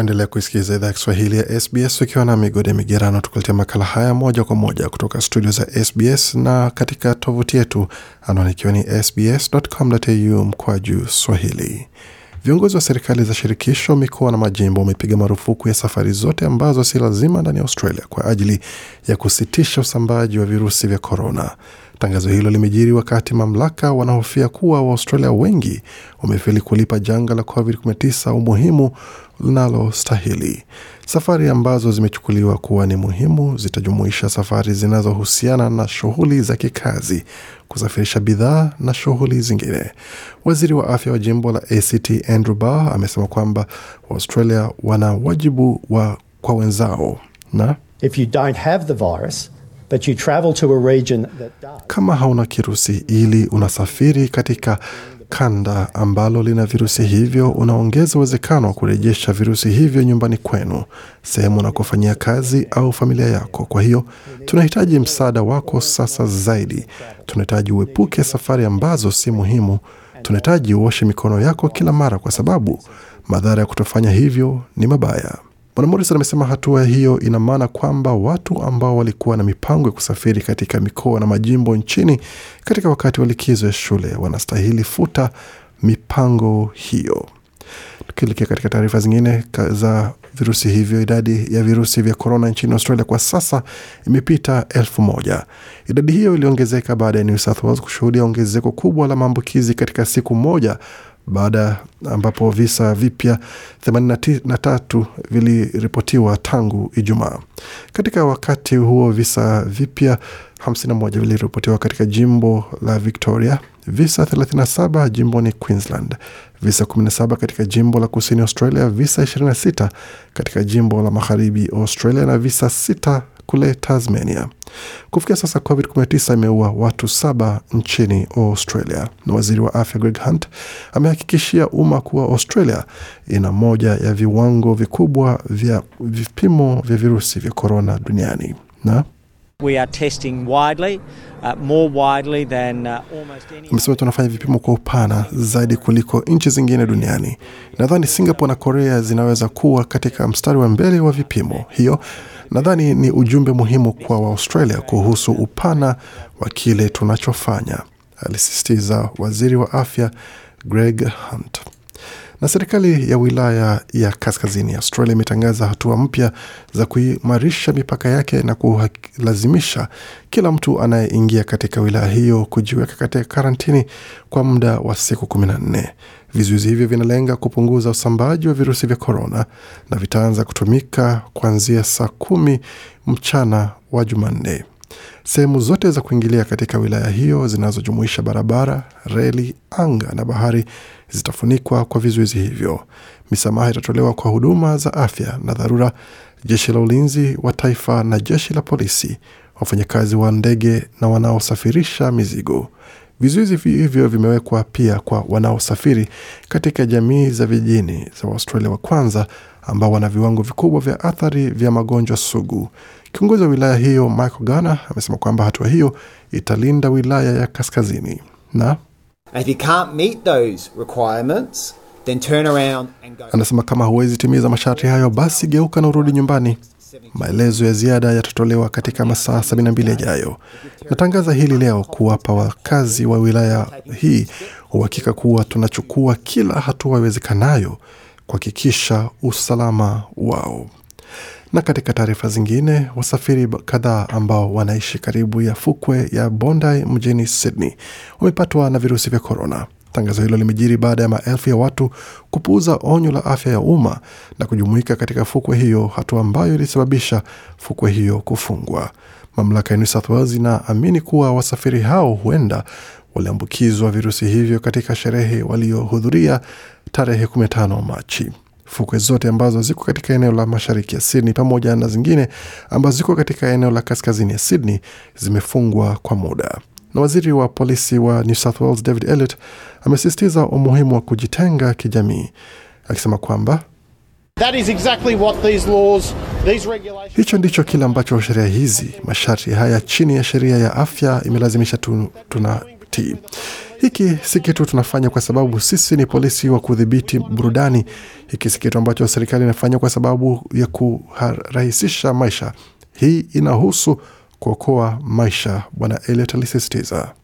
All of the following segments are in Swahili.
Waendelea kuisikiliza idhaa ya Kiswahili ya SBS ukiwa na migode migerano, tukuletea makala haya moja kwa moja kutoka studio za SBS na katika tovuti yetu anaonikiwa ni sbs.com.au mkwa juu swahili. Viongozi wa serikali za shirikisho, mikoa na majimbo wamepiga marufuku ya safari zote ambazo si lazima ndani ya Australia kwa ajili ya kusitisha usambaji wa virusi vya korona. Tangazo hilo limejiri wakati mamlaka wanahofia kuwa Waaustralia wengi wamefeli kulipa janga la COVID-19 umuhimu linalostahili. Safari ambazo zimechukuliwa kuwa ni muhimu zitajumuisha safari zinazohusiana na shughuli za kikazi, kusafirisha bidhaa na shughuli zingine. Waziri wa afya wa jimbo la ACT Andrew Barr amesema kwamba Waaustralia wana wajibu wa kwa wenzao na If you don't have the virus, But you travel to a region that does. Kama hauna kirusi ili unasafiri katika kanda ambalo lina virusi hivyo, unaongeza uwezekano wa kurejesha virusi hivyo nyumbani kwenu, sehemu unakofanyia kazi au familia yako. Kwa hiyo tunahitaji msaada wako sasa zaidi. Tunahitaji uepuke safari ambazo si muhimu. Tunahitaji uoshe mikono yako kila mara, kwa sababu madhara ya kutofanya hivyo ni mabaya. Bwana Morrison amesema hatua hiyo ina maana kwamba watu ambao walikuwa na mipango ya kusafiri katika mikoa na majimbo nchini katika wakati wa likizo ya shule wanastahili futa mipango hiyo. Tukielekea katika taarifa zingine za virusi hivyo, idadi ya virusi vya korona nchini Australia kwa sasa imepita elfu moja. Idadi hiyo iliongezeka baada ya New South Wales kushuhudia ongezeko kubwa la maambukizi katika siku moja baada ambapo visa vipya 83 viliripotiwa tangu Ijumaa. Katika wakati huo visa vipya 51 viliripotiwa katika jimbo la Victoria, visa 37 jimboni Queensland, visa 17 katika jimbo la kusini Australia, visa 26 katika jimbo la magharibi Australia na visa sita kule Tasmania. Kufikia sasa COVID-19 imeua watu saba nchini Australia, na waziri wa afya Greg Hunt amehakikishia umma kuwa Australia ina moja ya viwango vikubwa vya vipimo vya virusi vya korona duniani na Amesema tunafanya vipimo kwa upana zaidi kuliko nchi zingine duniani. Nadhani Singapore na Korea zinaweza kuwa katika mstari wa mbele wa vipimo. Hiyo nadhani ni ujumbe muhimu kwa Waaustralia kuhusu upana wa kile tunachofanya, alisisitiza waziri wa afya Greg Hunt. Na serikali ya wilaya ya kaskazini Australia imetangaza hatua mpya za kuimarisha mipaka yake na kulazimisha kila mtu anayeingia katika wilaya hiyo kujiweka katika karantini kwa muda wa siku kumi na nne. Vizuizi hivyo vinalenga kupunguza usambaaji wa virusi vya korona na vitaanza kutumika kuanzia saa kumi mchana wa Jumanne. Sehemu zote za kuingilia katika wilaya hiyo zinazojumuisha barabara, reli, anga na bahari zitafunikwa kwa vizuizi hivyo. Misamaha itatolewa kwa huduma za afya na dharura, jeshi la ulinzi wa taifa na jeshi la polisi, wafanyakazi wa ndege na wanaosafirisha mizigo. Vizuizi hivyo vimewekwa pia kwa wanaosafiri katika jamii za vijijini za Waustralia wa kwanza ambao wana viwango vikubwa vya athari vya magonjwa sugu. Kiongozi wa wilaya hiyo Michael Gana amesema kwamba hatua hiyo italinda wilaya ya kaskazini na And if you can't meet those requirements, then turn around and go. Anasema kama huwezi timiza masharti hayo, basi geuka na urudi nyumbani. Maelezo ya ziada yatatolewa katika masaa 72 yajayo. Natangaza hili leo kuwapa wakazi wa wilaya hii uhakika kuwa tunachukua kila hatua iwezekanayo kuhakikisha usalama wao. Na katika taarifa zingine, wasafiri kadhaa ambao wanaishi karibu ya fukwe ya Bondi mjini Sydney wamepatwa na virusi vya korona. Tangazo hilo limejiri baada ya maelfu ya watu kupuuza onyo la afya ya umma na kujumuika katika fukwe hiyo, hatua ambayo ilisababisha fukwe hiyo kufungwa. Mamlaka ya New South Wales inaamini kuwa wasafiri hao huenda waliambukizwa virusi hivyo katika sherehe waliohudhuria tarehe 15 Machi. Fukwe zote ambazo ziko katika eneo la mashariki ya Sydney pamoja na zingine ambazo ziko katika eneo la kaskazini ya Sydney zimefungwa kwa muda. Na waziri wa polisi wa New South Wales David Elliott amesisitiza umuhimu wa kujitenga kijamii, akisema kwamba That is exactly what these laws, these regulations... Hicho ndicho kile ambacho sheria hizi, masharti haya chini ya sheria ya afya imelazimisha tu, tuna wakati. Hiki si kitu tunafanya kwa sababu sisi ni polisi wa kudhibiti burudani. Hiki si kitu ambacho serikali inafanya kwa sababu ya kurahisisha maisha. Hii inahusu kuokoa maisha, Bwana Eliot alisisitiza.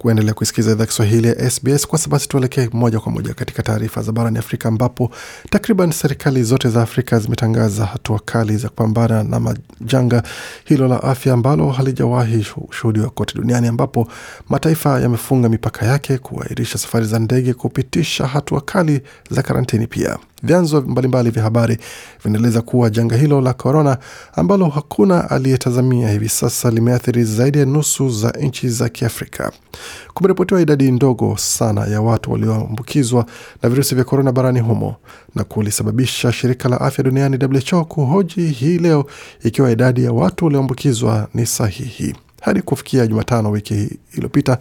kuendelea kuisikiza idhaa Kiswahili ya SBS. Kwa sababu tuelekee moja kwa moja katika taarifa za barani Afrika, ambapo takriban serikali zote za Afrika zimetangaza hatua kali za kupambana na majanga hilo la afya ambalo halijawahi shuhudiwa kote duniani, ambapo mataifa yamefunga mipaka yake, kuahirisha safari za ndege, kupitisha hatua kali za karantini pia Vyanzo mbalimbali vya habari vinaeleza kuwa janga hilo la korona ambalo hakuna aliyetazamia hivi sasa limeathiri zaidi ya nusu za nchi za Kiafrika. Kumeripotiwa idadi ndogo sana ya watu walioambukizwa na virusi vya korona barani humo na kulisababisha shirika la afya duniani WHO kuhoji hii leo ikiwa idadi ya watu walioambukizwa ni sahihi. Hadi kufikia Jumatano wiki iliyopita,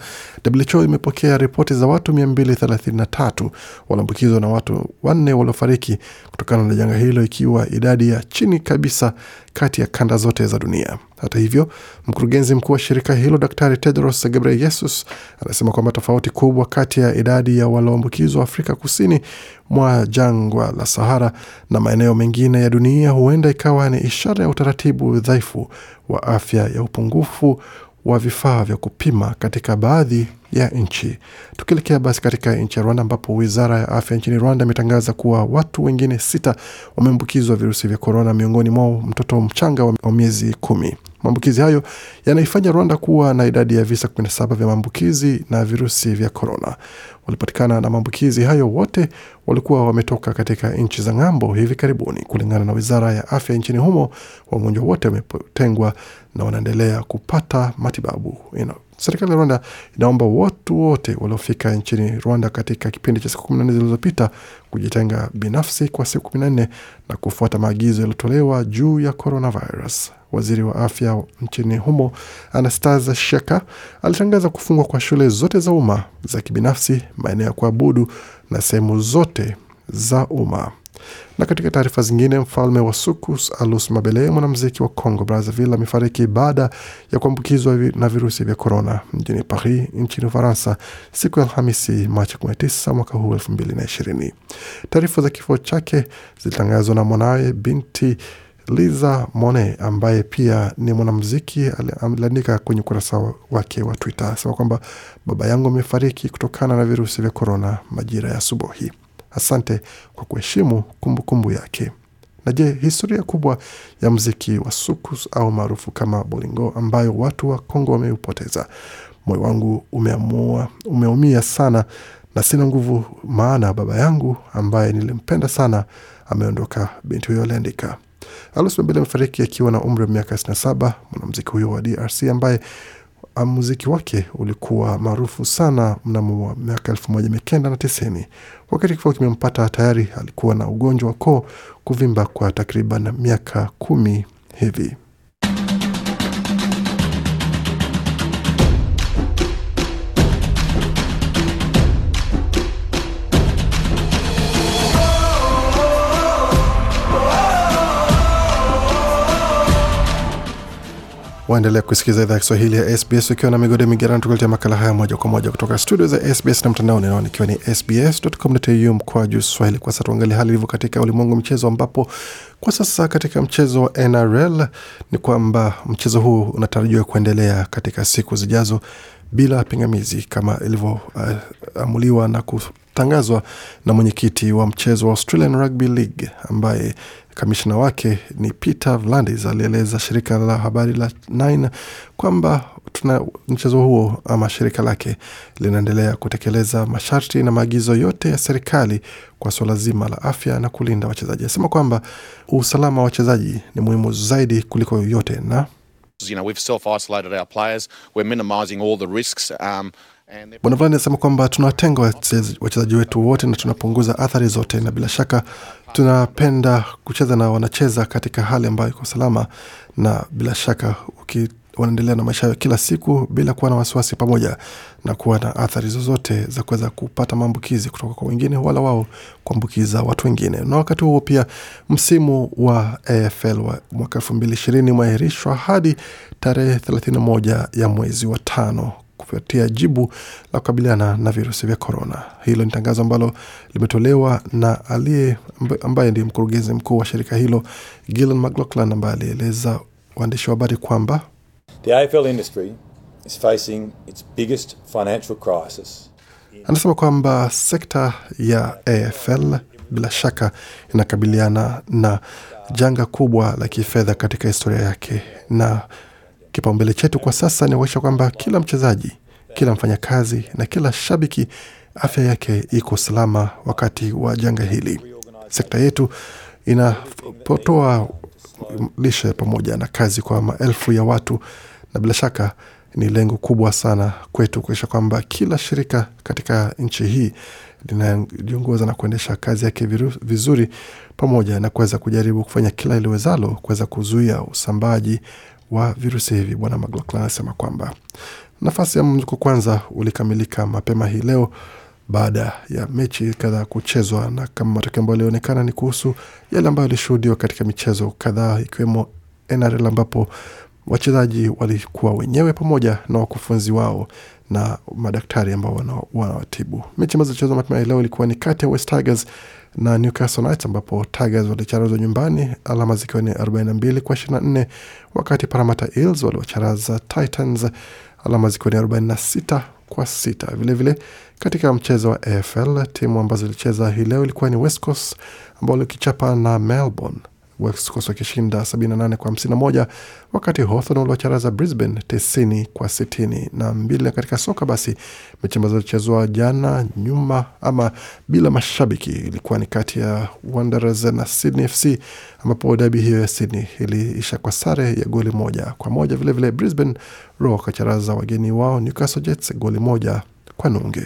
WHO imepokea ripoti za watu 233 waliambukizwa na watu wanne waliofariki kutokana na janga hilo, ikiwa idadi ya chini kabisa kati ya kanda zote za dunia. Hata hivyo, mkurugenzi mkuu wa shirika hilo Daktari Tedros Ghebreyesus anasema kwamba tofauti kubwa kati ya idadi ya walioambukizwa Afrika kusini mwa jangwa la Sahara na maeneo mengine ya dunia huenda ikawa ni ishara ya utaratibu dhaifu wa afya ya upungufu wa vifaa vya kupima katika baadhi ya nchi. Tukielekea basi katika nchi ya Rwanda, ambapo wizara ya afya nchini Rwanda imetangaza kuwa watu wengine sita wameambukizwa virusi vya korona, miongoni mwao mtoto mchanga wa miezi kumi. Maambukizi hayo yanaifanya Rwanda kuwa na idadi ya visa 17 vya maambukizi na virusi vya korona. Walipatikana na maambukizi hayo wote walikuwa wametoka katika nchi za ng'ambo hivi karibuni. Kulingana na wizara ya afya nchini humo, wagonjwa wote wametengwa na wanaendelea kupata matibabu you know. Serikali ya Rwanda inaomba watu wote waliofika nchini Rwanda katika kipindi cha siku kumi na nne zilizopita kujitenga binafsi kwa siku kumi na nne na kufuata maagizo yaliyotolewa juu ya coronavirus. Waziri wa afya nchini humo Anastaza Sheka alitangaza kufungwa kwa shule zote za umma za kibinafsi, maeneo ya kuabudu na sehemu zote za umma. Na katika taarifa zingine, mfalme wa Sukus Alus Mabele, mwanamziki wa Congo Brazzaville, amefariki baada ya kuambukizwa na virusi vya korona mjini Paris nchini Ufaransa siku ya Alhamisi, Machi 19 mwaka huu 2020. Taarifa za kifo chake zilitangazwa na mwanawe binti Liza Mone ambaye pia ni mwanamuziki aliandika kwenye ukurasa wake wa Twitter asema kwamba baba yangu amefariki kutokana na virusi vya korona majira ya asubuhi. Asante kwa kuheshimu kumbukumbu yake. Na je, historia kubwa ya mziki wa sukus au maarufu kama bolingo ambayo watu wa Kongo wameupoteza. Moyo wangu umeamua, umeumia sana na sina nguvu, maana baba yangu ambaye nilimpenda sana ameondoka, binti huyo aliandika. Alus amefariki akiwa na umri wa miaka 67. Mwanamziki huyo wa DRC ambaye Ah, muziki wake ulikuwa maarufu sana mnamo wa miaka elfu na tisini Wakati kifua kimempata tayari alikuwa na ugonjwa wa koo kuvimba kwa takriban miaka kumi hivi. Waendelea kusikiliza idhaa ya Kiswahili ya SBS ukiwa na migodi migerano, tukuletea makala haya moja kwa moja kutoka studio za SBS na mtandaoni nao ikiwa ni sbs.com.au juu swahili. Kwa sasa tuangalie hali ilivyo katika ulimwengu mchezo, ambapo kwa sasa katika mchezo wa NRL ni kwamba mchezo huu unatarajiwa kuendelea katika siku zijazo bila pingamizi kama ilivyoamuliwa uh, na kutangazwa na mwenyekiti wa mchezo wa Australian Rugby League ambaye kamishna wake ni Peter Vlandis alieleza shirika la habari la Nine kwamba tuna mchezo huo ama shirika lake linaendelea kutekeleza masharti na maagizo yote ya serikali kwa suala zima la afya na kulinda wachezaji. Asema kwamba usalama wa wachezaji ni muhimu zaidi kuliko yoyote na Bwana um, Vlani anasema kwamba tunawatenga wachezaji wetu wote na tunapunguza athari zote, na bila shaka tunapenda kucheza na wanacheza katika hali ambayo iko salama, na bila shaka wanaendelea na maisha yao kila siku bila kuwa na wasiwasi, pamoja na kuwa na athari zozote za kuweza kupata maambukizi kutoka kwa wengine wala wao kuambukiza watu wengine. Na wakati huo pia msimu wa AFL wa mwaka elfu mbili ishirini umeahirishwa hadi tarehe 31 ya mwezi wa tano kupatia jibu la kukabiliana na virusi vya korona. Hilo ni tangazo ambalo limetolewa na aliye ambaye ndiye mkurugenzi mkuu wa shirika hilo Gillan McLachlan, ambaye alieleza waandishi wa habari kwamba The AFL industry is facing its biggest financial crisis. Anasema kwamba sekta ya AFL bila shaka inakabiliana na janga kubwa la kifedha katika historia yake, na kipaumbele chetu kwa sasa ni kuhakikisha kwamba kila mchezaji, kila mfanyakazi na kila shabiki afya yake iko salama wakati wa janga hili. Sekta yetu inapotoa lishe pamoja na kazi kwa maelfu ya watu, na bila shaka ni lengo kubwa sana kwetu kuisha kwamba kila shirika katika nchi hii linajiongoza na kuendesha kazi yake vizuri, pamoja na kuweza kujaribu kufanya kila iliwezalo kuweza kuzuia usambaaji wa virusi hivi. Bwana McLaughlin anasema kwamba nafasi ya mzunguko kwanza ulikamilika mapema hii leo baada ya mechi kadhaa kuchezwa, na kama matokeo ambayo yalionekana ni kuhusu yale ambayo yalishuhudiwa katika michezo kadhaa ikiwemo NRL ambapo wachezaji walikuwa wenyewe pamoja na wakufunzi wao na madaktari ambao wanawatibu. Mechi ambazo zilichezwa mapema leo ilikuwa ni kati ya West Tigers na Newcastle Knights ambapo Tigers walicharazwa nyumbani alama zikiwa ni 42 kwa 24, wakati Parramatta Eels waliwacharaza Titans alama zikiwa ni 46 kwa sita. Vilevile vile, katika mchezo wa AFL timu ambazo zilicheza hii leo ilikuwa ni West Coast ambao likichapa na Melbourne. West wakishinda 78 kwa 51, wakati Hawthorn waliocharaza Brisbane 90 kwa 62. Na katika soka basi, mechi ambazo zilichezwa jana nyuma ama bila mashabiki ilikuwa ni kati ya Wanderers na Sydney FC, ambapo dabi hiyo ya Sydney iliisha kwa sare ya goli moja kwa moja. Vilevile Brisbane Roar wakacharaza wageni wao Newcastle Jets goli moja kwa nunge.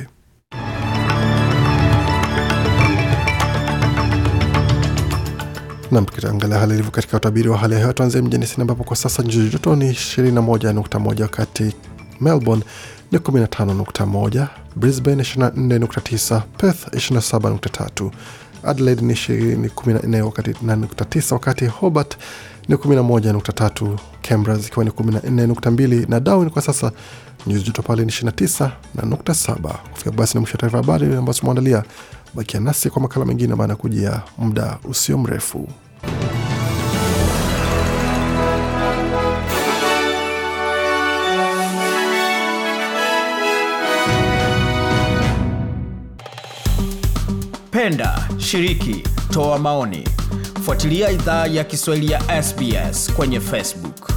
Nam, tukiangalia hali ilivyo katika utabiri wa hali ya hewa, tuanzie mjini Sydney ambapo kwa sasa nyuzi joto ni 21.1, wakati Melbourne ni 15.1, Brisbane 24.9, Perth 27.3, Adelaide ni 14 wakati 9, wakati Hobart ni 11.3, Canberra zikiwa ni 14.2 na Darwin kwa sasa nyuzi joto pale ni 29.7. Kufika basi na mwisho wa taarifa habari ambazo tumeandalia. Bakia nasi kwa makala mengine, maana kujia muda usio mrefu. Penda, shiriki, toa maoni, fuatilia idhaa ya Kiswahili ya SBS kwenye Facebook.